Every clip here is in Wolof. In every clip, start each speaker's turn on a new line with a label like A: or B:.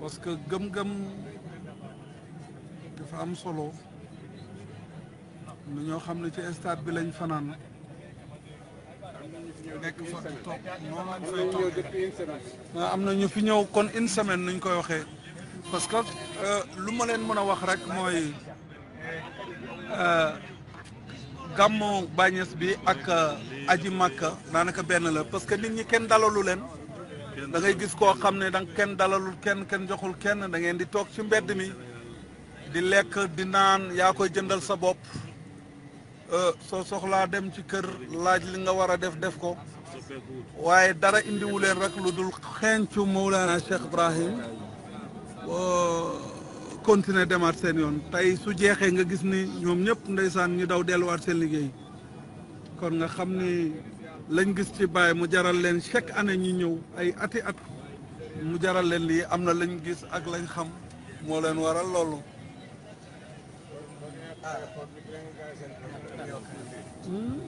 A: parce que gëm-gëm dafa am solo nu ñoo xam ne ci stade bi lañ fanaan nekk fa di noonu ah, am na ñu fi ñëw kon une semaine ñu koy waxee parce que euh, lu ma leen mën a wax rek mooy euh, gàmmu bàññees bi ak euh, aji màkka daanaka benn la parce que nit ñi kenn dalalu leen da ngay gis koo xam ne danga kenn dalalul kenn kenn joxul kenn da ngeen di toog ci mbedd mi di lekk di naan yaa koy jëndal sa bopp euh, soo soxlaa dem ci kër laaj li nga war a def def ko waaye dara indiwu leen rek lu dul xeencu Mawlana Cheikh Ibrahim continuer demaat seen yoon tey su jeexee nga gis ni ñoom ñëpp ndeysaan ñu daw delluwaat seen liggéey kon nga xam ni lañ gis ci Baye mu jaral leen cek année ñu ñëw ay ati at mu jaral leen lii am na lañ gis ak lañ xam moo leen waral loolu. Hmm?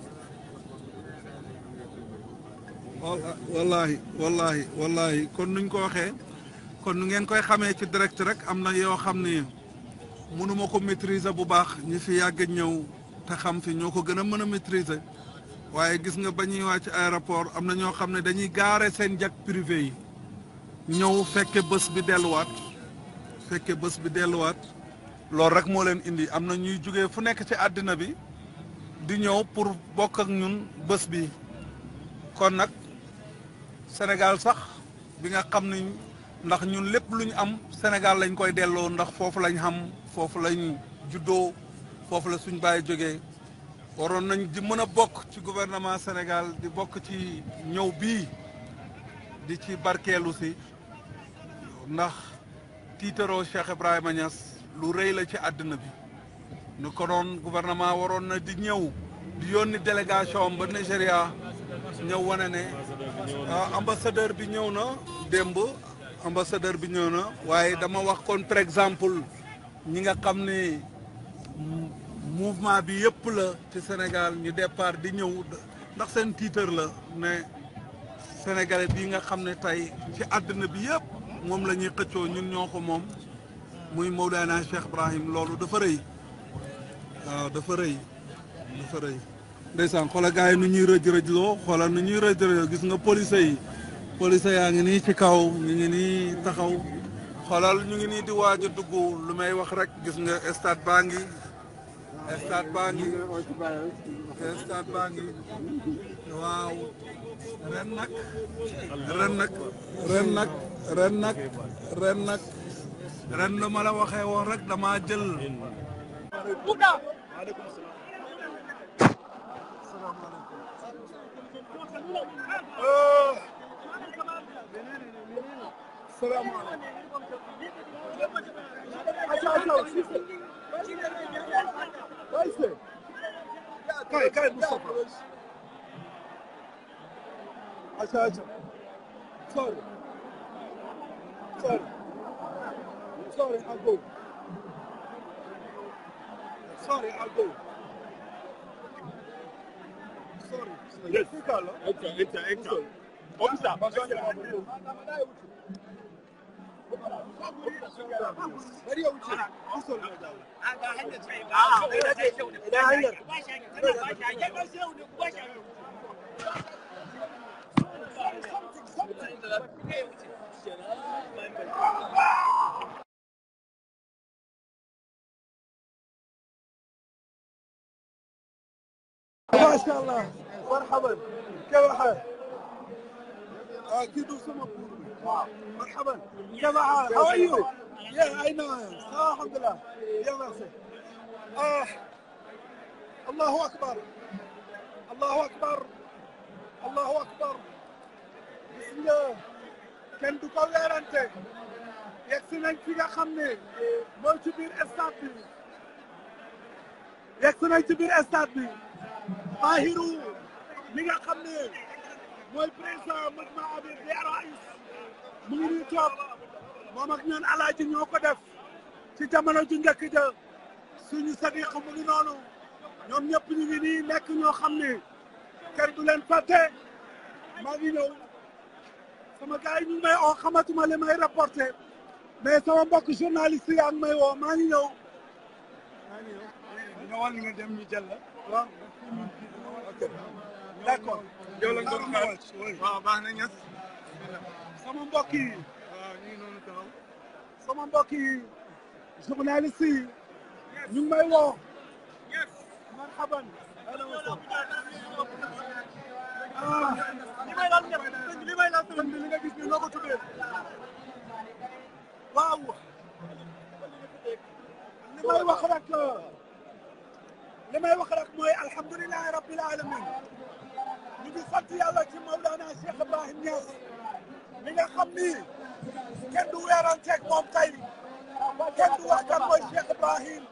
A: wallahi wallahi wallahi kon nuñ ko waxee kon nu ngeen koy xamee ci direct rek am na yoo xam ni mënuma ko maîtriser bu baax ñi fi yàgg ñëw te xam fi ñoo ko gën a mën a maîtriser waaye gis nga ba ñuy wàcc aéroport am na ñoo xam ne dañuy gaare seen jag privé yi ñëw fekke bés bi delluwaat fekke bés bi delluwaat loolu rek moo leen indi am na ñuy jóge fu nekk ci àddina bi di ñëw pour bokk ak ñun bës bi kon nag Sénégal sax bi nga xam ni ndax ñun lépp lu ñu am Sénégal lañ koy delloo ndax foofu lañ xam foofu lañ juddoo foofu la suñ bàyyi jógee waroon nañ di mën a bokk ci gouvernement Sénégal di bokk ci ñëw bii di ci barkeelu si ndax tiitaroo Cheikh Ibrahima Niass lu rëy la ci àddina bi nu ko doon gouvernement waroon na di ñëw di yónni délégation ba Nigéria ñëw wane ne ah, ambassadeur bi ñëw na démb ambassadeur bi ñëw na waaye dama wax kon par exemple ñi nga xam ne mouvement bi yëpp la ci Sénégal ñu départ di ñëw ndax seen tiitër la ne sénégalais bii nga xam ne tey ci àddina bi yëpp moom la ñuy xëccoo ñun ñoo ko moom muy Mawlana Cheikh Ibrahim loolu dafa rëy waaw dafa rëy dafa rëy. ndeysaan xoola gars yi nu ñuy rëj rëj loo xoola nu ñuy rëj rëj gis nga police yi police yaa ngi nii ci kaw ñu ngi nii taxaw xoolal ñu ngi nii di waaj a dugg lu may wax rek gis nga stade baa ngi. Estat Bangi Estat Bangi waaw renak, renak, renak, renak, ren nag ren nag ren nag ren lu ma la waxee woon rek dama jël
B: salaamaaleykum Eisner. Kay, Kay Mustafa. Aşağı aşağı. Sorry. Sorry. Sorry, I'll go. Sorry, I'll go. Sorry. Yes. Enter, enter, enter. Officer, ما شاء الله مرحبا كيف حالك؟ اكيد وصلنا مرحبا جماعة how are you yeah I know آه الحمد لله يا مرسي آه الله أكبر الله أكبر الله أكبر بسم الله كان دوكاو يا رانتي yegsi nañ fi nga xam ne mooy ci biir stade bi yegsi nañ ci biir stade bi Tahirou mi nga xam ne mooy président Majma Abid di rais mu ngi nii toog moom ak ñun alaaji ñoo ko def ci jamono ju njëkk ja suñu sadiq mu ñoom ñëpp ñu ngi nii nekk ñoo xam ni kër du leen fàtte maa sama gars yi ñu may oo xamatuma li may rapporté mais sama mbokk journaliste yaa ngi may woo maa ngi ñëw ngi ñëw ñëwal nga dem ñu jël la sama mbokk yi. waaw ñu ngi noonu taxaw. sama mbokk yi journaliste yi. ñu ngi may woo. marhaban. ah. li may laal ñëpp li may laal sëriñ bi li nga gis nii noo ko tuddee. waaw. li may wax rek. li may wax rek mooy alhamdulilahi rabbil alamin ñu ngi sant yàlla ci Mawlana Cheikh Ibrahim Niass. li nga xam ni kenn du weeranteeg moom tey kenn du wax kan mooy Cheikh Ibrahim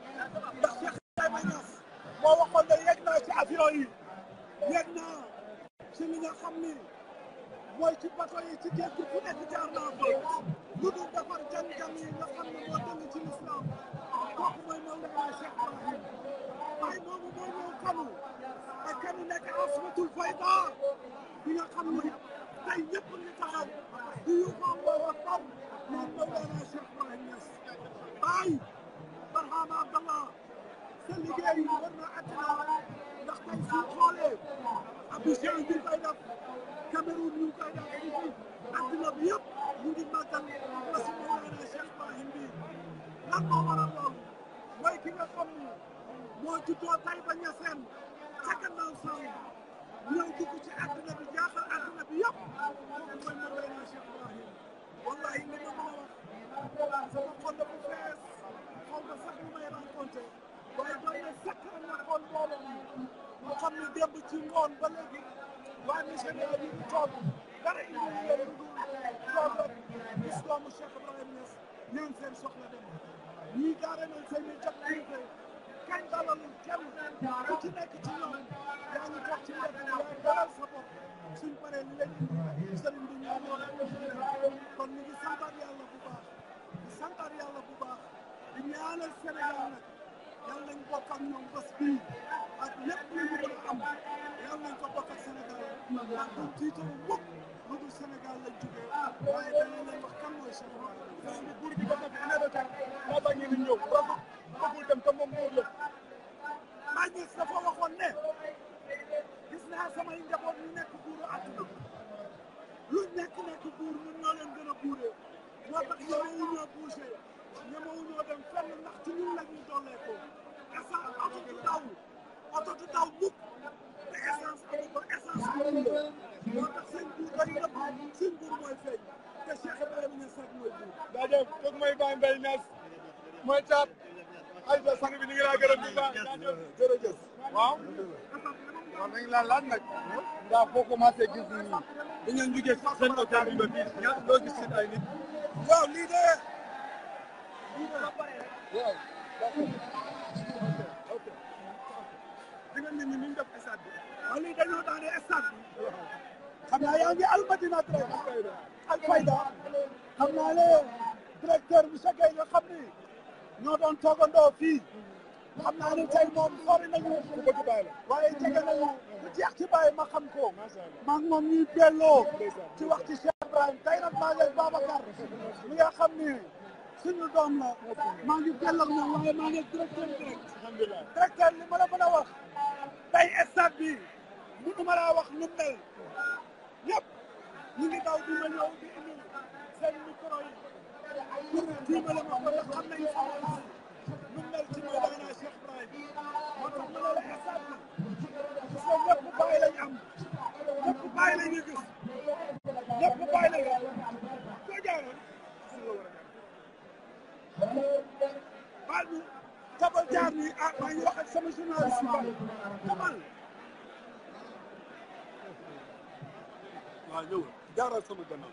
B: ndax Cheikh Ibrahima Niass moo waxoon ne yegg ci avion yi yegg naa ci li nga xam ni mooy ci bato yi ci géej gi fu nekk nga xam ne moo ci lislaam kooku mooy Mawlana Cheikh Ibrahim waaye moomu moo ñëw kanu ak kanu nga xam ni tey ñëpp ñu taxaw di yuuxoo booba tam moom Mawlana Cheikh Ibrahim Niass baay Barhama Abdallah sa liggéey yi war na àddina ndax tey suñ xoolee Abidjan ñu koy def Cameroun ñu koy def fii àddina bi yëpp ñu ngi màggal ba si Mawlana Cheikh Ibrahim bi lan moo waral loolu mooy ki nga xam moo juddoo Taïba Niassène ca gannaaw Saalum ñëw dugg ci àdduna bi jaaxal àdduna bi yëpp moom mooy ma doy naa Cheikh Ibrahim wallahi li ma ko wax sama xol dafa fees xaw ma sax lu may raconté waaye doy na sakk na xool boobu mu xam ne démb ci ngoon ba léegi waa missionnaire yi ñu toog dara indi leen toog rek gis doomu Cheikh Ibrahim Niass ñaan seen soxla dem ñii gaare nañ seen i jot gàllankoor kenn ku ci nekk ci ñoom yaa ngi toog ci mbedd mi yaa dalal sa bopp suñ bi ñoo ñoo leen ko kon ñu ngi santaat yàlla bu baax di santaat yàlla bu baax di ñaanal Sénégal nag yal nañ bokk ak ñoom bés bii ak lépp lu ñu mën a am yal nañ ko bokk ak Sénégal ndax duñ tiitaru mukk lu dul Sénégal lañ jugee waaye dañu leen wax kan mooy Sénégal. bëggul dem te moom góor la maa gis dafa waxoon ne gis naa samay njaboot ñu nekk buuru àdduna lu nekk nekk buur ñun ñoo leen gën a buuree moo tax ñemewuñoo bougé ñemewuñoo dem fenn ndax ci ñun la ñuy dollee ko essence oto du daw oto du daw mukk te essence amu ko essence buur la moo tax seen buur dañ nëpp seen buur mooy feeñ te Cheikh mooy buur daa def foog mooy mooy taat aywa sang bi ñu ngi laa gërëm di la jërëjëf waaw. kon dañu laa laaj nag. ndax foo commencé gis nii. dañu leen jugee seen hôtel bi ba fii ñaata loo gis seen ay nit. waaw lii de. waaw. di nga nit ñi ni ñu def stade bi. waaw lii dañoo daanee stade bi. xam naa yaa ngi almadina direct. alfayda xam naa ne directeur monsieur Guèye nga xam ni. ñoo doon toogandoo fii xam naa ne tey moom sori nañu waaye jege nañu ku jeex ci bàyyi ma xam ko maa ngi moom ñuy delloo ci wax ci Cheikh Ibrahim tey nag maa ngi Babacar mi nga xam ni suñu doom la maa ngi delloo ñoom waaye maa ngi directeur direct li ma la wax tey stade bi mënu wax nu mel ñëpp ñu ngi daw di ma ñëw di dimbale ma ko ndax xam nañ sama laal lu mel ci Mawlana Cheikh Ibrahim moo tax ma loolu xasaat na gis nga ñëpp bàyyi lañ am ñëpp bàyyi lañ gis ñëpp bàyyi lañ soo jaaroon baal bi tabal jaar nii ah maa ngi wax ak sama journaliste ba tabal waaw ñëw jaaral sama gannaaw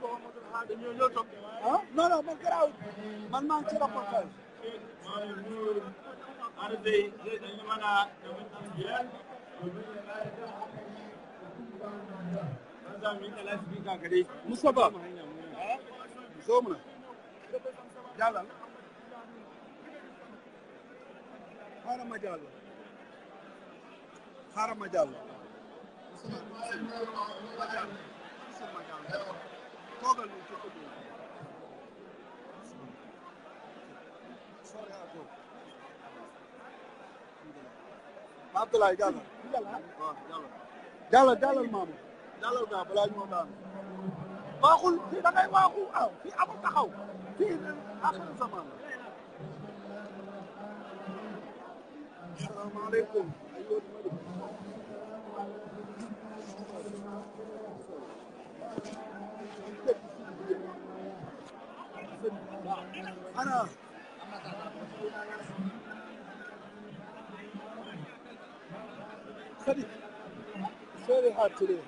B: ah non non man garaawul man maa ngi ci rapporteur Mustafa zo muna jalan harama jalo harama jalo Mustafa jalo عبد الله قال قال قال الماما قال وقال بلا ماما ما اقول في دقي ما اقول آه، في امر تخو في اخر الزمان
A: السلام عليكم ايها
B: الملك أنا خليك very hard today.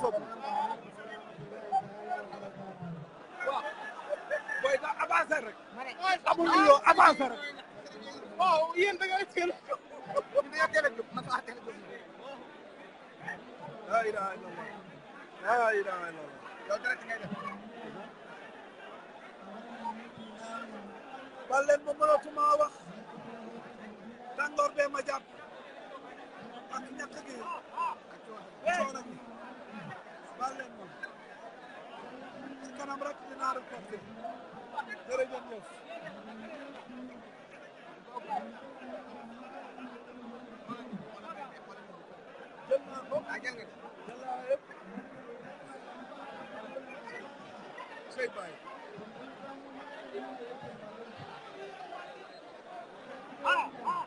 B: foofu waaw booy da avancé rek amul lu bee ma jàpp ak ñàkk gi coono baal leen moom ci kanam rek dinaa reporté jërëjëf jël naa ko jël naa yëpp say bàyyi ah ah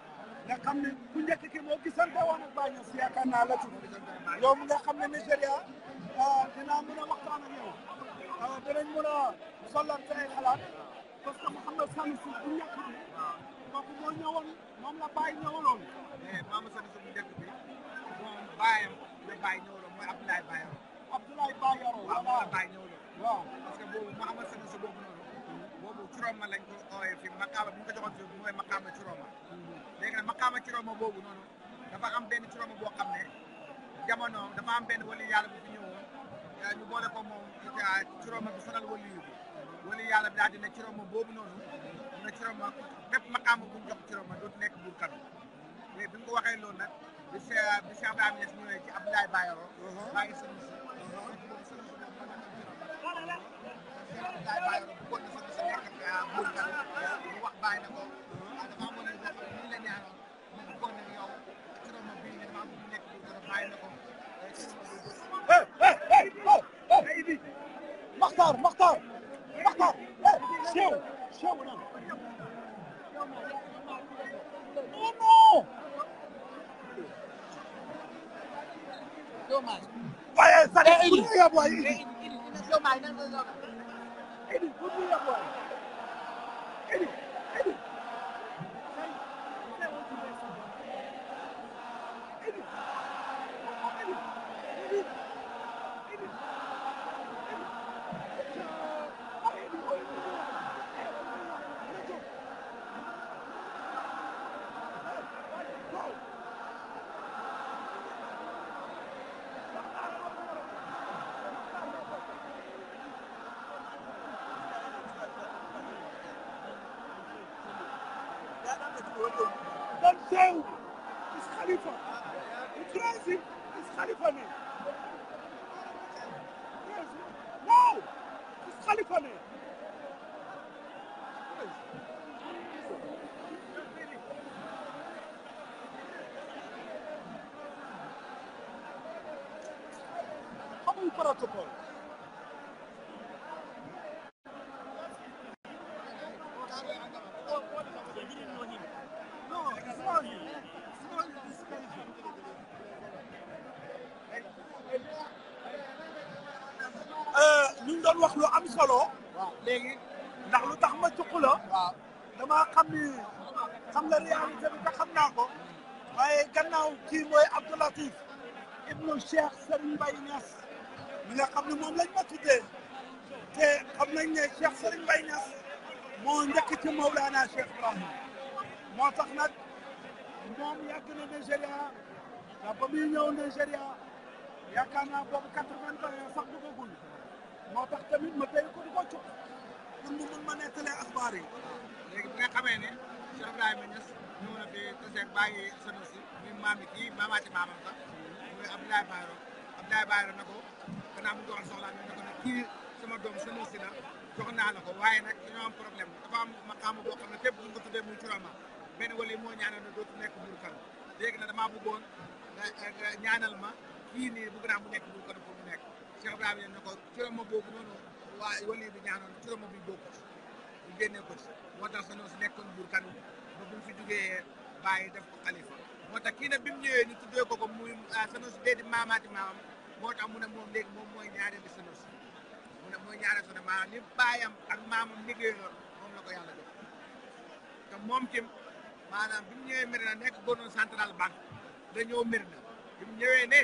B: nga xam ne ku njëkk ki moo gisante woon ak Baños yaakaar naa la ci yow mi nga xam ne Nigéria dinaa mën a waxtaan ak yow dinañ mën a solal sa ay xalaat parce que Mouhamed Sanusi bu njëkk bi kooku moo ñëwoon moom la Baye ñëwaloon. Mouhamed Sanusi bu njëkk bi moom baayam la Baye ñëwaloon mooy Abdoulaye Bayero. Abdoulaye Bayero waaw waaw Baye ñëwaloon. waaw parce que boobu Mouhamed Sanusi boobu noonu. Ciroma lañ ko ooyee fi makaama bu ñu ko joxoon fi mooy makaama Ciroma léegi nag makaama Ciroma boobu noonu dafa am benn Ciroma boo xam ne jamono dafa am benn wali yàlla bu fi ñëwoon eh, ñu boole ko moom eh, Ciroma bi sonal wali yu wali yàlla bi daal di ne Ciroma boobu noonu mu ne ma bépp makaama bu ñu jox Ciroma dootu nekk buur kanu mais bi mu ko waxee loolu nag bi se bi Cheikh Ibrahima Niass ñëwee ci No! It's California. doon wax lu am solo. léegi ndax lu tax ma cuq la. waaw damaa xam ni xam bi nga xam naa ko. waaye gannaaw kii mooy Abdou Latif ibnu Cheikh Serigne Mbaye Niass. mi nga xam ne moom lañ ma tuddee. te xam nañ ne Cheikh Serigne Mbaye moo njëkk ci Mawlana Cheikh Ibrahim moo tax nag moom yàgg na Nigéria ba muy ñëw Nigéria yaakaar naa boobu quatre-vingt ans moo tax tamit ma tey ko du ko ma nettalee axbaar yi. léegi bi nga xamee ne Cheikh Ibrahima Niass fi taseeg bàyyi soxna si maam yi kii maamaati maamam sax muy Abdoulaye Bayro Abdoulaye Bayro na ko gannaaw mu doxal soxlaa ñu ko nag kii sama doom soxna si la jox naa la ko waaye nag dañoo am problème dafa am maqaama boo xam ne fépp bu ñu ko tuddee muy Curama benn wala moo ñaanal ne dootu nekk buur kan léegi na damaa bëggoon nga ñaanal ma kii nii bu gannaaw mu nekk buur kan nekk. Cheikh Ibrahima ne ko turam ma boobu noonu waa wala bi ma bu génnee ko ci moo tax dañoo nekkoon buur bu fi jugee bàyyi def ko xalifa moo tax kii nag bi mu ñëwee ñu tuddee ko ko muy ah, Sanusi bee di maamaati maamam moo tax mu ne moom léegi mooy ñaareelu Sanusi ne mooy ñaareelu Sanusi maanaam li ak maamam liggéeyoon moom la ko yàlla def te moom tim maanaam bi mu ñëwee Medina nekk gouverneur central banque dañoo Medina bi mu ñëwee ne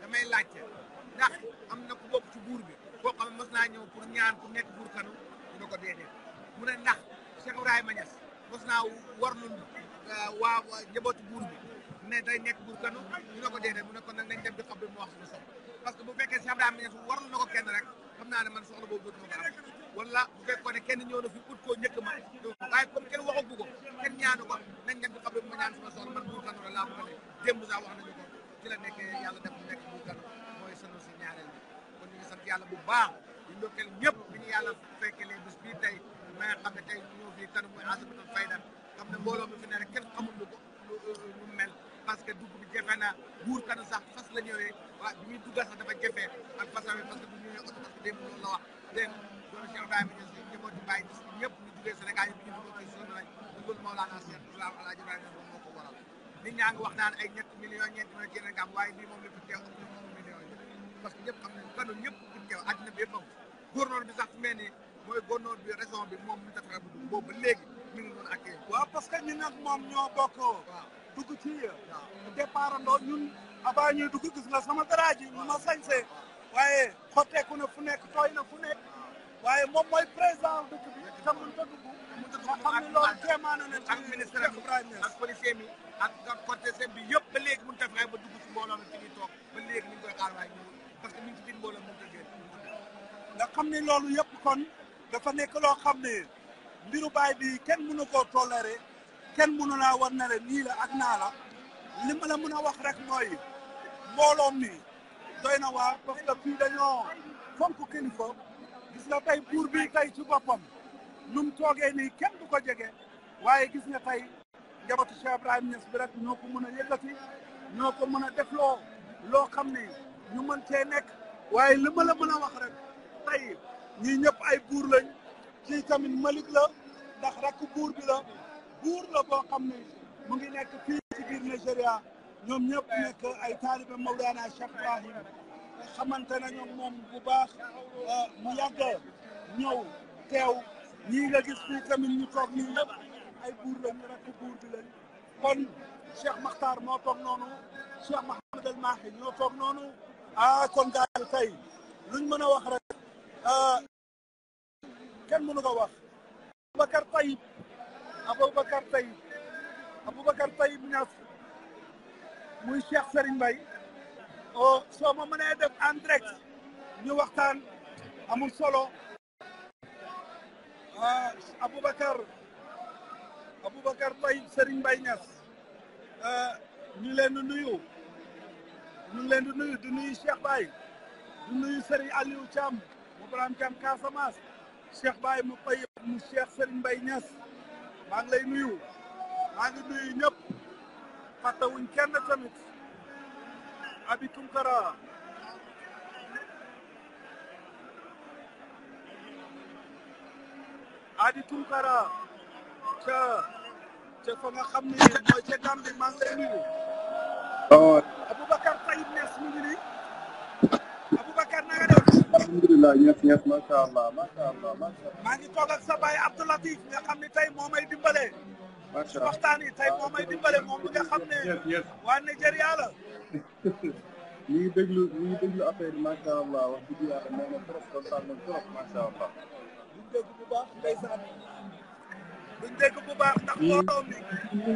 B: damay laajte ndax. am na ku bokk buur bi koo xam ne mos naa ñëw pour ñaan pour nekk buur kanu ñu ne ko déedéet mu ne ndax Cheikh ma Niass mos naa war lu euh, waa njabootu buur bi ne day nekk buur kanu ñu ne ko déedéet mu ne kon nag nañ dem di xam mu ko kenn rek naa ne man soxla boobu dootu ma ko kenn ñëw na fi ut koo njëkk ma waaye comme ko kenn ñaanu ko nañ dem di xam bi mu ñaan suma man buur kanu laa ko ne démb sax wax nañu ko ci la nekkee yàlla def mu nekk buur kanu yàlla bu baax di ndokkeel ñëpp bi mi fi ne na buur kanu sax fas la ñëwee waaw bi muy dugga sax dafa jafe ak fasam parce que bu ñëwee oto parce que démb loolu la wax démb doon Cheikh Ibrahima Niass si jëmoo di bàyyi gis ñëpp ñu jugee Sénégal yi ñu dugg ci suñu rek dugul Maolana Cheikh Islam Alaaji Ibrahima moom moo ko waral nit teew àddina bi yëpp am gouverneur bi sax fi mel ni mooy gouverneur bi région bi moom mu defara bu dugg boobu ba léegi mi ngi doon accueil waaw parce que ñun nag moom ñoo bokk waaw dugg ci départ andoo ñun avant ñuy dugg gis nga sama dara ji ñu ma sañsee waaye xotteeku na fu nekk tooy na fu nekk waaye moom mooy président dëkk bi te mënut a dugg mënut a dugg xam ne loolu téemaan na ne ak ministre Ibrahima ak policier mi ak côté seen bi yëpp xam ne loolu yëpp kon dafa nekk loo xam ne mbiru baay bi kenn mënu koo toléré kenn mënu naa war na leen nii la ak naa la li ma mën a wax rek mooy mbooloo mi doy na waa parce que fii dañoo fonk kilifa gis nga tey buur bi tey ci boppam nu mu toogee nii kenn du ko jege waaye gis nga tey njabootu Cheikh Ibrahim Niass bi rek ñoo ko mën a yëkkati ñoo ko mën a defloo loo xam ne ñu mën cee nekk waaye li ma mën a wax rek tey ñii ñëpp ay buur lañ kii tamit Malick la ndax rakk buur bi la buur la boo xam ne mu ngi nekk fii ci biir Nigéria ñoom ñëpp nekk ay taalibe Mawlana Cheikh Ibrahim xamante nañu moom bu baax euh, mu yàgg ñëw teew ñii nga gis fii tamit ñu toog nii ñëpp ay buur lañ rakk buur bi kon Cheikh Makhtar moo toog noonu Cheikh Mahamad El ñoo toog noonu ah kon daal tey luñ mën a Eh, kenn mënu ko wax Aboubacar Taïb Aboubacar Taïb Aboubacar Taïb Niass muy Cheikh Serigne Mbaye oh, soo ma mënee def en direct ñu waxtaan amul solo ah Bakar Abu Bakar Serigne sering Niass eh, ñu leen nuyu ñu leen nuyu di nuyu Cheikh Baye di nuyu Serigne Aliou وبرام جام كاساماس الشيخ باي مطيب الشيخ سليم بينس ماغ لاي نيو ماغ نيو نيب فاتو ان كان تاميت ابي تونكرا ادي تونكرا تا تا فما خامني موي تي غامبي ماغ لاي نيو آه. ابو بكر طيب ناس مغربي alhamdulilah ñëf ñëf macha allah maa ngi toog ak sa baay Abdou Latif nga xam ne dimbale. macha allah waxtaan ne. waa Nigeria la. ñu ngi déglu ñu ngi déglu affaire yi macha allah wax dëgg yàlla nee na trop kontaan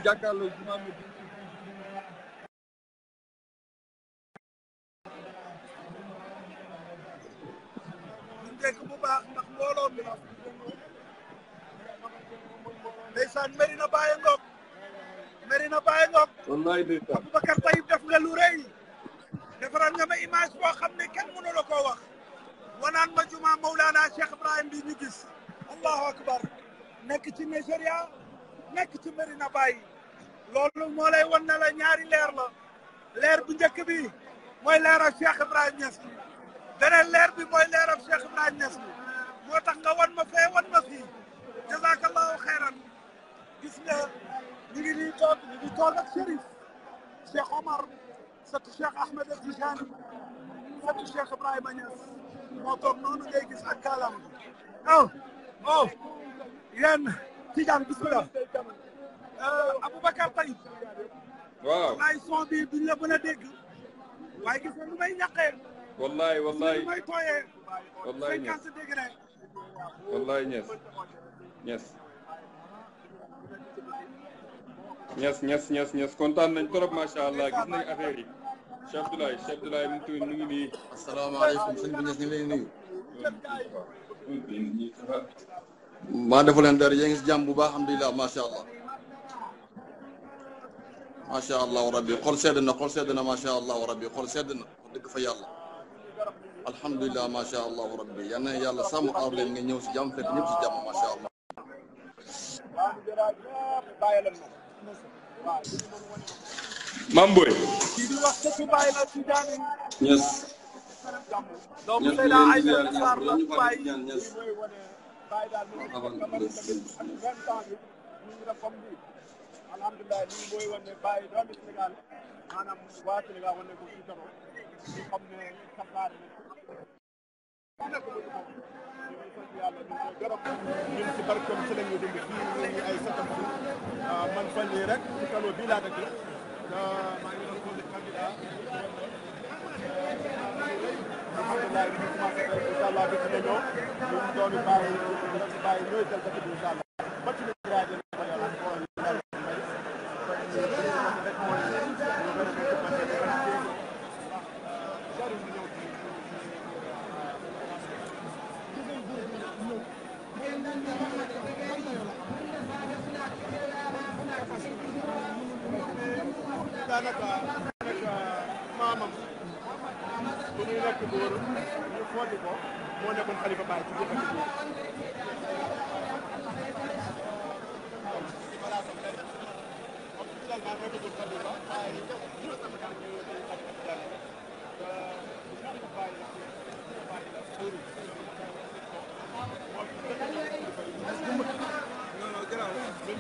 B: na fekk bu baax ndax mbooloo bi la ndeysaan Medina Baye Ngok Medina Baye Ngok wallaay nga lu rëy nga ma image boo xam ne kenn mënu la wax wanaan ma juma Mawlana Cheikh Ibrahim bi ñu gis allahu akbar nekk ci Nigeria nekk ci Medina Baye loolu moo lay wan ne la ñaari leer bu njëkk bi mooy leeral Cheikh Ibrahim Niass beneen leer bi mooy leeram Cheikh Ibrahima Niass bi moo tax nga wan ma fee wan ma fii jazakallahu xeyran gis nga ñu ngi nii toog ñu ngi toog ak Chérif Cheikh Omar sëtu Cheikh Ahmed El Tijani sëtu Cheikh Ibrahima Niass moo toog noonu ngay gis ak kaalam oh oh yéen Tijaan bismillah Aboubacar Taïb waaw laay son bi duñ la mën a dégg waaye gis nga lu may ñaqee
A: wallaay wallaay
B: wallaay ñes wallaay ñes
A: ñes ñes ñes ñes ñes kontaan nañ trop macha allah gis nañ affaire yi Cheikh Abdoulaye Cheikh Abdoulaye mu tudd nu ngi nii asalaamaaleykum sëñ bi ñes ñu ngi lay nuyu maa defa leen dara yéen ngi si jàmm bu baax alhamdulilah macha allah macha allah rabbi xol sedd na xol sedd na macha allah rabbi xol sedd na dëgg fa yàlla alhamdulilah macha allah rabbi yal na yàlla sàmm aar leen nga ñëw si jàmm fekk ñëpp si jàmm allah. Mam Boy. ñes.
B: alhamdulillah lii mooy wane bàyyi doomi Sénégal maanaam waa Sénégal wane ko suñu taroo ñu xam ne saxaar na nekk ko ñu sant yàlla ñu ko gërëm ñun si barkeem si la ñuy dund fii ñu ay satam ah, man fan yii rek si kano bii laa dëkk ah, maa ngi doon posé candidat alhamdulillah ñu commencé incha allah bi ci la ñëw ñun doomi bàyyi ñooy jël dëkk bi incha allah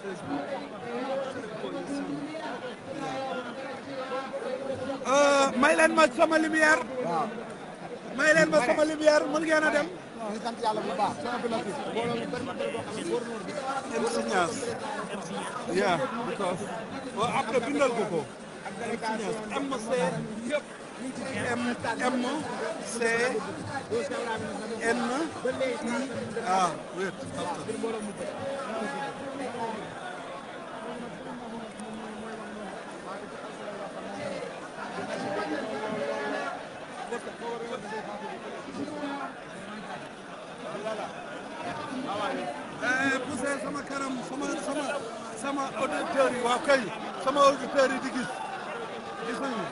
B: Euh, may leen ma sama lumière. waaw ma sama lumière mën ngeen a dem. ñu
A: yaa because waaw après bindal
B: M C M C N. ah
A: wait. Eh, Poussin sama kanam sama sama sama auditeurs yi waaw kay sama auditeurs yi di gis gis nañu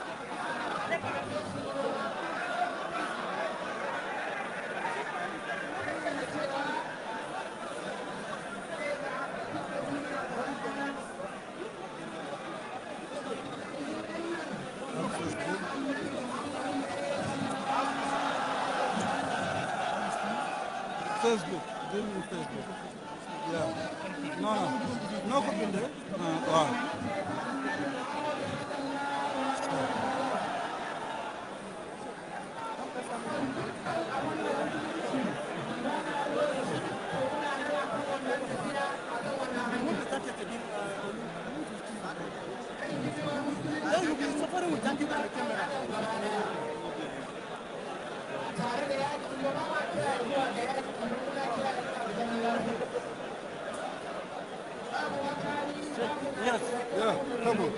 B: قبول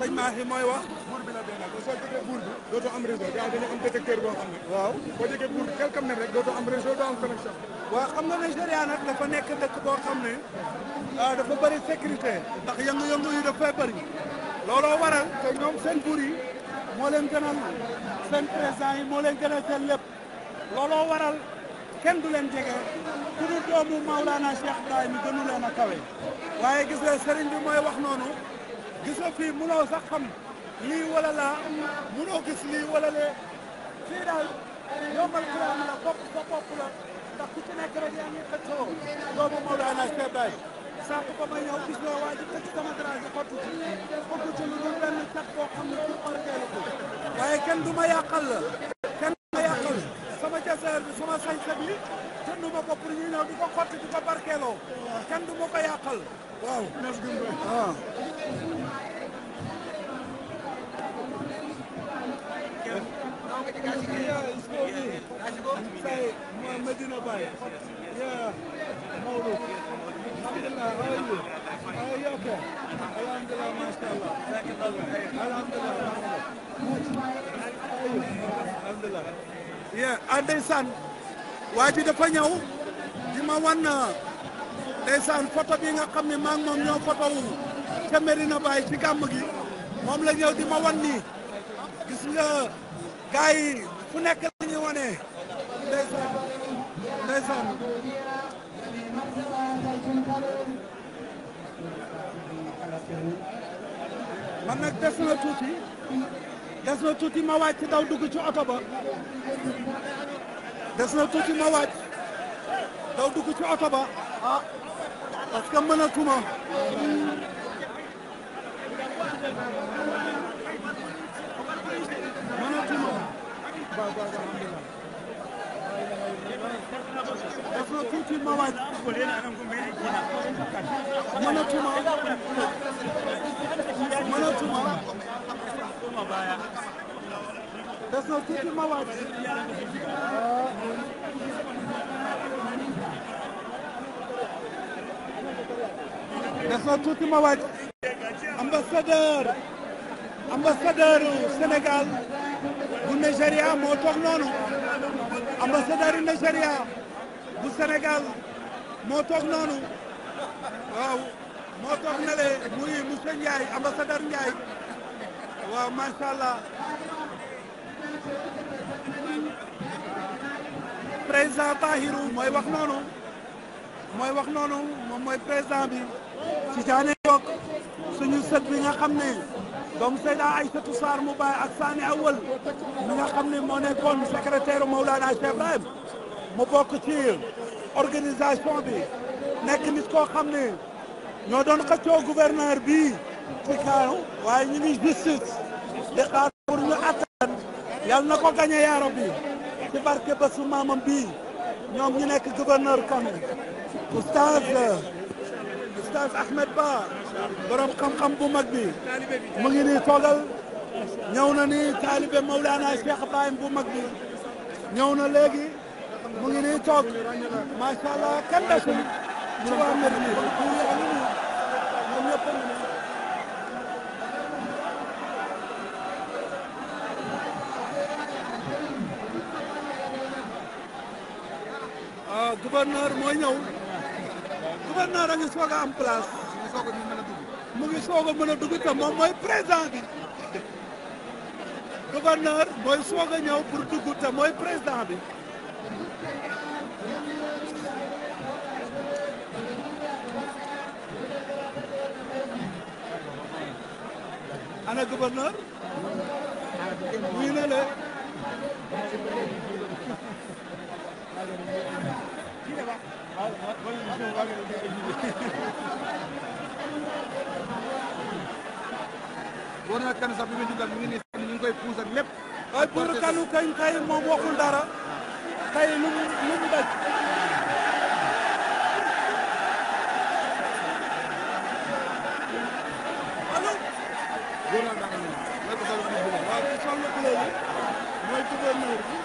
B: bañ maa fi mooy wax buur bi la benn ko soo jógee buur bi dootoo am réseau yaa dañu am détecteur boo xam ne waaw boo jógee buur bi quelque mètre rek dootoo am réseau doo am connexion waaw xam nga Nigéria nag dafa nekk dëkk boo xam ne dafa bëri sécurité ndax yëngu-yëngu yi dafay bëri looloo waral te ñoom seen buur yi moo leen gënal seen yi moo leen gën a seen lépp looloo waral kenn du leen jege ku dul doomu Maulana Cheikh Ibrahima gënu leen a waaye gis nga sëriñ bi mooy wax noonu gis nga fii mënoo sax xam lii wala laa mënoo gis lii wala lee fii daal la ndax ku ci nekk rek yaa ngi xëccoo doomu Maulana Cheikh Ibrahima saako ba may ñëw gis nga waa ji teg sama ci xottu ci lu dul benn cat boo xam ne pour waaye kenn du yàqal la kenn du yàqal sama jaseer bi sama sañse bi jëndu ko pour ñu ñëw di ko xotti di ko barkeeloo kenn du ko yàqal waaw waaw Yeah, Medina Baye. Yeah, Alhamdulillah, how are waa ji dafa ñëw di ma wan ah, ndeysaan photo bi nga xam ne maa ngi moom ñoo photo wu ca Medina Baye ci gàmm gi moom la ñëw di ma wan nii gis nga fu nekk la ñuy wane ndeysaan ndeysaan
A: man nag des na tuuti des
B: na tuuti ma wàcc daw dugg ci oto ba des na tuuti ma wàcc daw dugg ci oto ba ah parce que mënatuma mënatuma كل المواد مناتوما مناتوما That's not taking my wife. That's not taking my wife. Ambassador, ambassador Senegal, bu Nigeria moo toog noonu ambassadeur Nigeria. bu Sénégal moo toog noonu waaw moo toog na le muy monsieur Ndiaye ambassadeur Ndiaye waaw macha allah président mooy wax noonu mooy wax noonu moom mooy président bi ci jaane bokk suñu sët bi nga xam ne doomu Seyda Aïssatou Sarr mu baay ak Sané Awal mi nga xam ne moo nekkoon secrétaire Mawlana Cheikh Ibrahim mu bokk ci organisation bi nekk nit koo xam ne ñoo doon xëccoo gouverneur bi ci kaaw waaye ñu ngi justice di xaar pour ñu attan yàlla na ko gañe yaaro bi ci barke bésu maamam bi ñoom ñu nekk gouverneur kanu oustaz oustaz Ahmed Ba borom xam-xam bu mag bi mu ngi nii toogal ñëw na ni taalibe Mawlana Cheikh Ibrahim bu mag bi ñëw na léegi mu ngi nii toog macha allah kan la suñu ci waa Medina mu ngi am ñu ñoom ñëpp ah gouverneur mooy ñëw gouverneur a ngi soog a am place mu ngi soog a mën a dugg te moom mooy président bi gouverneur mooy soog a ñëw pour dugg te mooy président bi.
A: ana gouverneur muy na le
B: war na kan sax bi mu dugal mi ngi ne ñu koy puus lépp ay pour kanu kañ kay moom waxul dara tey lu mu lu mu daj góor naa daal mooy gouverneur bi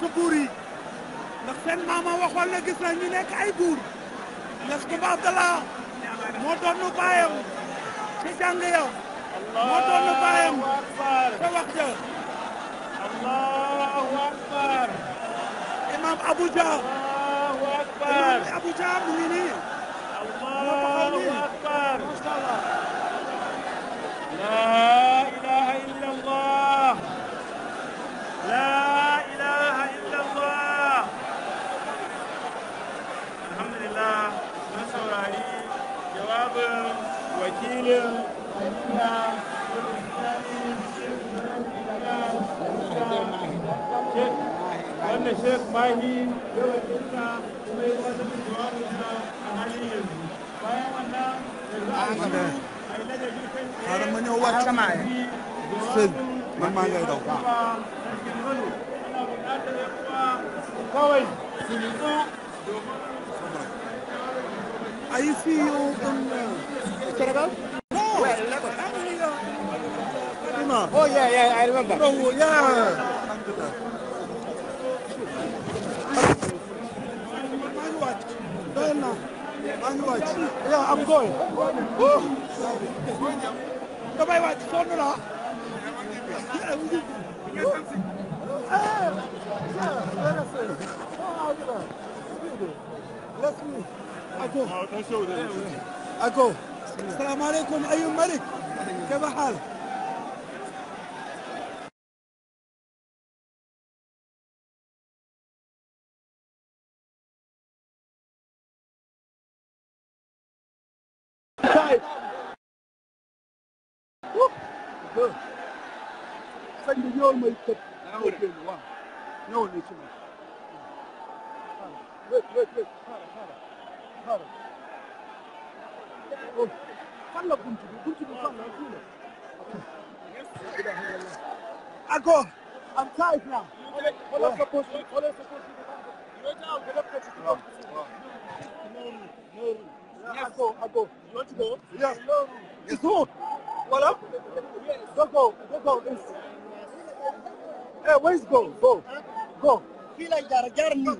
B: في بوري نخسن ماما وخول لي غيس اي بور نخت عبد الله مو دونو بايام سي جانغ يا مو دونو بايام الله اكبر الله اكبر امام ابو جا الله اكبر ابو جا مني الله اكبر ما شاء الله لا wakilin wanda shek mahi ya wakilta kuma ya eh. wata yi kawai Oh, yeah, yeah, I remember. Yeah, I'm going. Oh. السلام عليكم أيوب ملك كيف حالك؟ Sangue de ouro, mas... Não, não, não. Para, para, para. fan la I'm tired now. Olof supposed to supposed to You know how Olof to come. No, no. Yes. I go, I go. You want to go? Yeah. No. It's good. What up? Yes. Go, go, go, go. Hey, where's go? Go. Go. Feel like that, get me.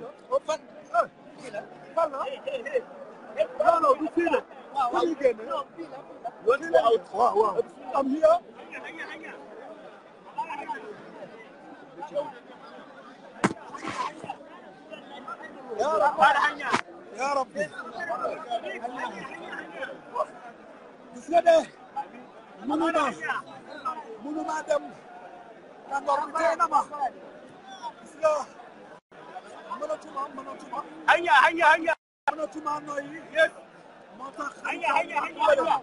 B: واو واو بسم الله يا رب يا ربي تسنده منو ما منو ما دم كان ضربتين ما تسنده منو تما منو تما هيا هيا هيا منو تما نوي يس منطقة هيا هيا هيا